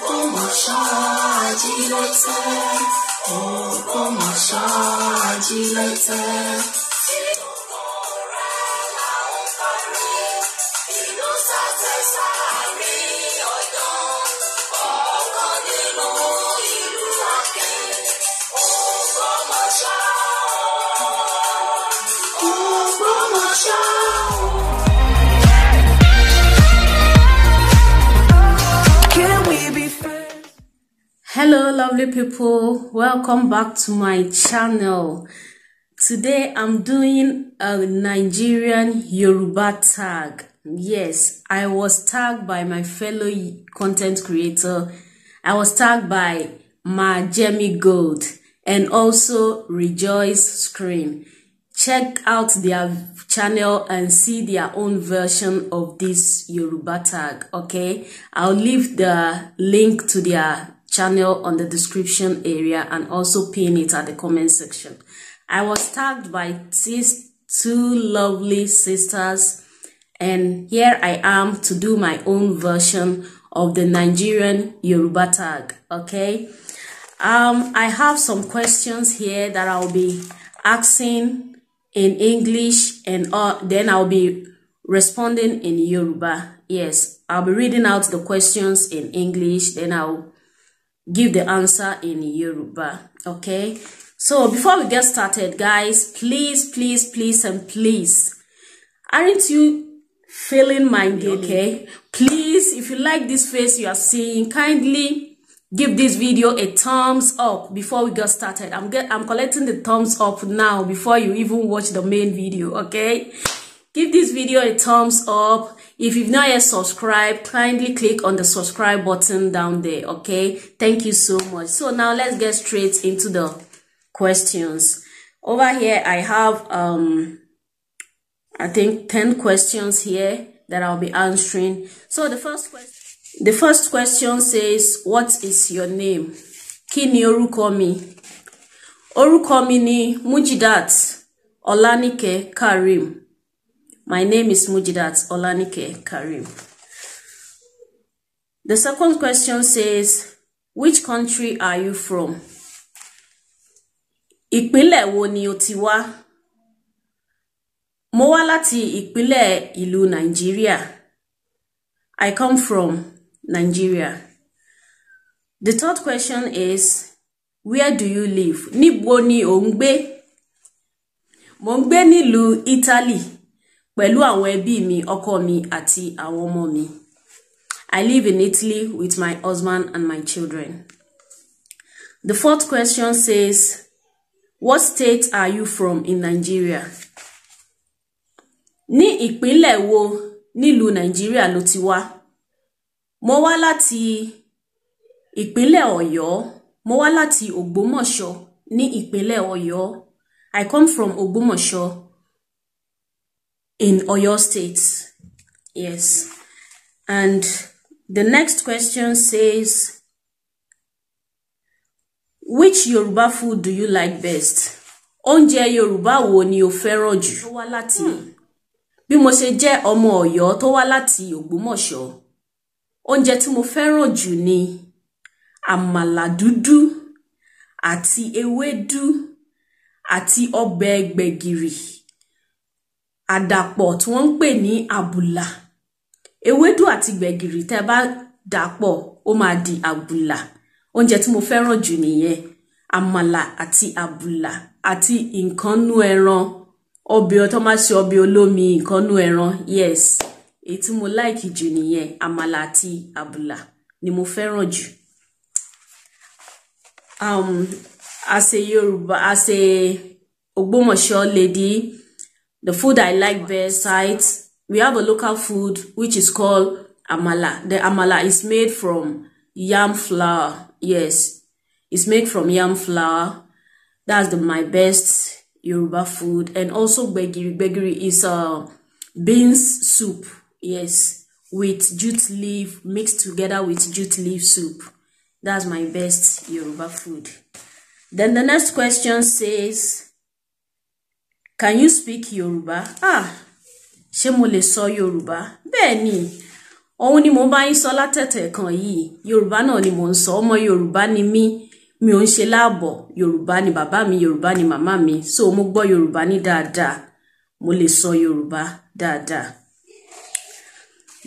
قم مشاعجلته قم مشاعجلته hello lovely people welcome back to my channel today i'm doing a nigerian yoruba tag yes i was tagged by my fellow content creator i was tagged by my jemmy gold and also rejoice scream check out their channel and see their own version of this yoruba tag okay i'll leave the link to their channel on the description area and also pin it at the comment section. I was tagged by these two lovely sisters and here I am to do my own version of the Nigerian Yoruba tag, okay? Um, I have some questions here that I'll be asking in English and uh, then I'll be responding in Yoruba. Yes, I'll be reading out the questions in English, then I'll give the answer in Yoruba. Okay, so before we get started, guys, please, please, please, and please, aren't you feeling minded? Okay, please, if you like this face you are seeing, kindly give this video a thumbs up before we get started. I'm get I'm collecting the thumbs up now before you even watch the main video. Okay, give this video a thumbs up if you've not yet subscribed, kindly click on the subscribe button down there, okay? Thank you so much. So now let's get straight into the questions. Over here, I have, um, I think 10 questions here that I'll be answering. So the first question, the first question says, what is your name? Kini Orukomi. Orukomi ni Mujidat Olanike Karim. My name is Mujidat Olanike Karim. The second question says, which country are you from? Ìpínlẹ̀ wo ni o ti wá? Mo wá láti ìpínlẹ̀ ìlú Nàìjíríà. I come from Nigeria. The third question is, where do you live? Níbo ni ò ń gbé? Mo ń gbé nílùú Italy pẹ̀lú àwọn ẹbí mi ọkọ mi àti àwọn ọmọ mi. I live in Italy with my husband and my children. The fourth question says, What state are you from in Nigeria? Ní ìpínlẹ̀ wo nílùú Nigeria ló ti wá? Mo wá láti ìpínlẹ̀ Ọ̀yọ́. Mo wá láti Ògbómọ̀ṣọ́ ní ìpínlẹ̀ Ọ̀yọ́. I come from Ògbómọ̀ṣọ́ in Oyo State. Yes. And the next question says, which Yoruba food do you like best? Oúnjẹ Yoruba wo ni o fẹ́ràn jù? Tó wá láti hmm. bí mo ṣe jẹ́ ọmọ Ọ̀yọ́ tó wá láti Ògbómọ̀ṣọ́. Oúnjẹ tí mo fẹ́ràn jù ni àmàlà dúdú àti ewédú àti ọbẹ̀ gbẹ̀gìrì àdàpọ̀ tí wọ́n ń pè ní àbùlà ewédú àti gbẹ̀gìrì tẹ́ bá dàpọ̀ ó máa di àbùlà oúnjẹ tí mo fẹ́ràn jù nìyẹn àmàlà àti àbùlà àti nǹkanú ẹran ọbẹ̀ ọtọ́ máa ṣe ọbẹ̀ olómi nǹkanú ẹran yes èyí tí mo láìkì jù nìyẹn àmàlà àti àbùlà ni mo fẹ́ràn jù. Um, as a Yorùbá as a Ògbómọ̀ṣọ́ lady The food I like there sites, we have a local food which is called amala. The amala is made from yam flour. Yes, it's made from yam flour. That's the my best Yoruba food. And also begiri. Begiri is uh, beans soup. Yes, with jute leaf mixed together with jute leaf soup. That's my best Yoruba food. Then the next question says, can you speak Yoruba? ah ṣé mo lè sọ yorùbá bẹ́ẹ̀ ni òun ni mo bá yín sọ látẹ̀tẹ̀ kan yìí yorùbá náà ni mo ń sọ ọmọ yorùbá ni mí mi ò ń ṣe láàbọ̀ yorùbá ni bàbá mi yorùbá ni màmá mi so mo gbọ́ yorùbá ní dáadáa mo lè sọ yorùbá dáadáa.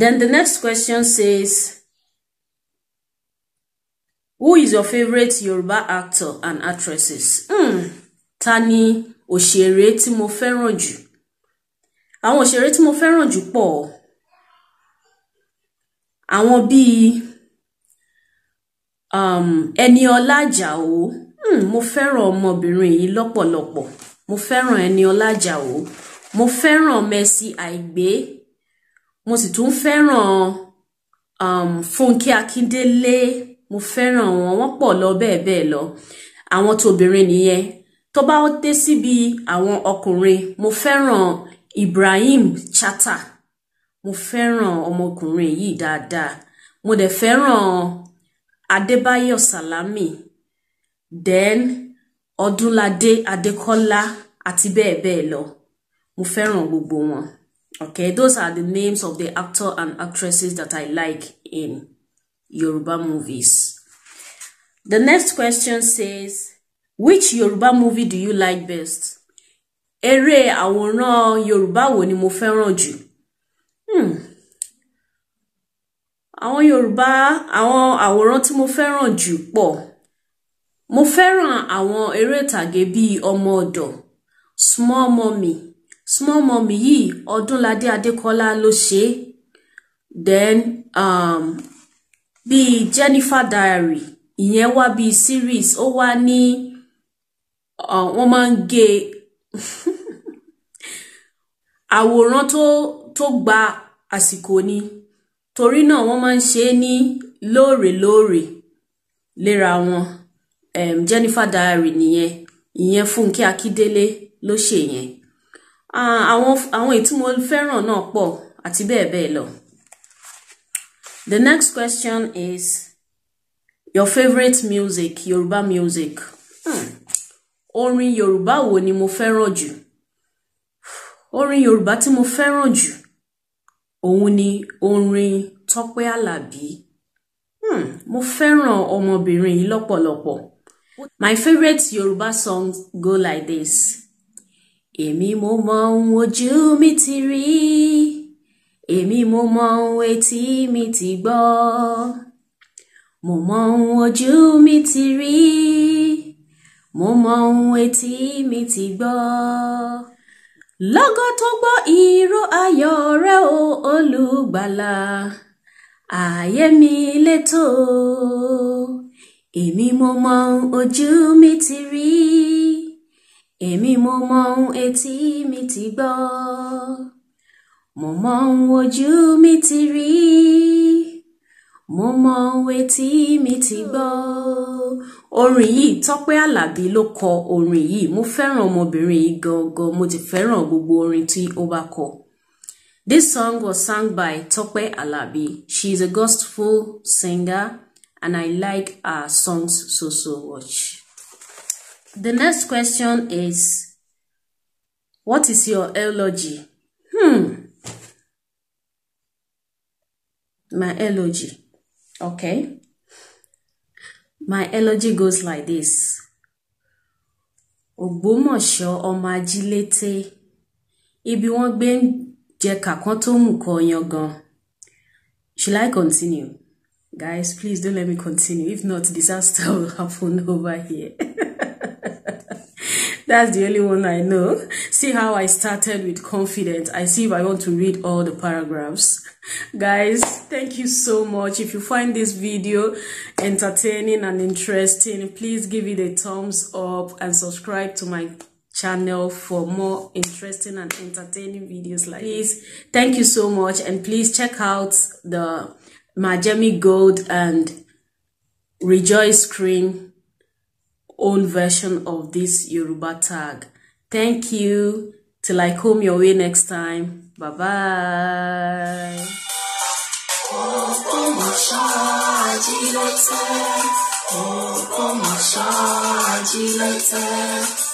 Then the next question says who is your favourite Yoruba actor and actresses? Mm, ta ni Òṣèré tí mo fẹ́ràn jù. Àwọn òṣèré tí mo fẹ́ràn jù pọ̀. Àwọn bí, um, Ẹniọlá Àjàó. Hmm, mo fẹ́ràn ọmọbìnrin yìí lọ́pọ̀lọpọ̀. Mo fẹ́ràn Ẹniọlá Àjàó. Mo fẹ́ràn Mercy Àìgbé. Mo sì tún fẹ́ràn, um, Fúnkẹ́ Akíndélé. Mo fẹ́ràn wọn, wọ́n pọ̀ lọ bẹ́ẹ̀ bẹ́ẹ̀ lọ. Àwọn tobìnrin nìyẹn tó bá dé síbi àwọn ọkùnrin mo fẹ́ràn Ibrahim Chata mo fẹ́ràn ọmọkùnrin yìí dáadáa mo dẹ̀ fẹ́ràn Adébáyọ̀ Sàlámì then Ọdúnládé Adékọ́lá àti bẹ́ẹ̀ bẹ́ẹ̀ lọ mo fẹ́ràn gbogbo wọn okay those are the names of the actors and actresses that I like in Yoruba movies. The next question says. Which Yoruba movie do you like best? Eré àwòrán Yorùbá wo ni mo fẹ́ràn jù? Hmm. Àwọn Yorùbá àwọn àwòrán tí mo fẹ́ràn jù pọ̀. Mo fẹ́ràn àwọn eré ìtàgé bíi Ọmọ Ọ̀dọ̀, Small Mummy. Small Mummy yìí Ọdúnladé Adékọ́lá ló ṣe Then um, bíi Jennifer Diary ìyẹn wá bíi series ó wá ní. Uh, wọ́n máa ń gé e. àwòrán tó tó gba àsìkò ni torí náà wọ́n máa ń ṣe é ní lóòrèlóòrè léra wọn um, Jennifer Diary nìyẹn ìyẹn Fúnkẹ́ Akíndélé ló ṣe yẹn àwọn àwọn èyí tí mo fẹ́ràn náà pọ̀ àti bẹ́ẹ̀ bẹ́ẹ̀ lọ. The next question is your favourite music Yoruba music. Hmm. Orin Yorùbá wo ni mo fẹ́ràn jù? Orin Yorùbá tí mo fẹ́ràn jù, òun ni orin Tọ́pẹ́ Àlàbí. Hmm, mo fẹ́ràn ọmọbìnrin yìí lọ́pọ̀lọpọ̀. My favorite Yorùbá songs go like this. Èmi mo mọ ohun ojú mi ti rí, èmi mo mọ ohun etí mi ti gbọ́, mo mọ ohun ojú mi ti rí mo mọ ohun etí mi ti gbọ́. lọ́gán tó gbọ́ ìró ayọ̀ rẹ o olùgbàlà ààyè mi létò èmi mo mọ ohun ojú mi ti rí èmi mo mọ ohun etí mi ti gbọ́ mo mọ ohun ojú mi ti rí mo mọ òwe tí mi ti gbọ́. orin yìí tọ́pẹ́ àlàbí ló kọ orin yìí mo fẹ́ràn ọmọbìnrin yìí gangan mo ti fẹ́ràn gbogbo orin tí ó bá kọ. this song was sung by tọ́pẹ́ àlàbí she is a gospel singer and i like her songs so so much. the next question is what is your eulogy? Hmm. my eulogy. Okay. My elegy goes like this. Ògbómọ̀ṣọ́ ọmọ ajílété ibi wọ́n gbé ń jẹ kàkán tó mú kọ yan gan. Should I continue? Guys, please don't let me continue. If not, disaster will happen over here. That's the only one I know. See how I started with confidence. I see if I want to read all the paragraphs. Guys, thank you so much. If you find this video entertaining and interesting, please give it a thumbs up and subscribe to my channel for more interesting and entertaining videos like this. thank you so much and please check out the Majami Gold and Rejoice cream own version of this Yoruba tag. Thank you. Till I come your way next time. Bye bye. Oh,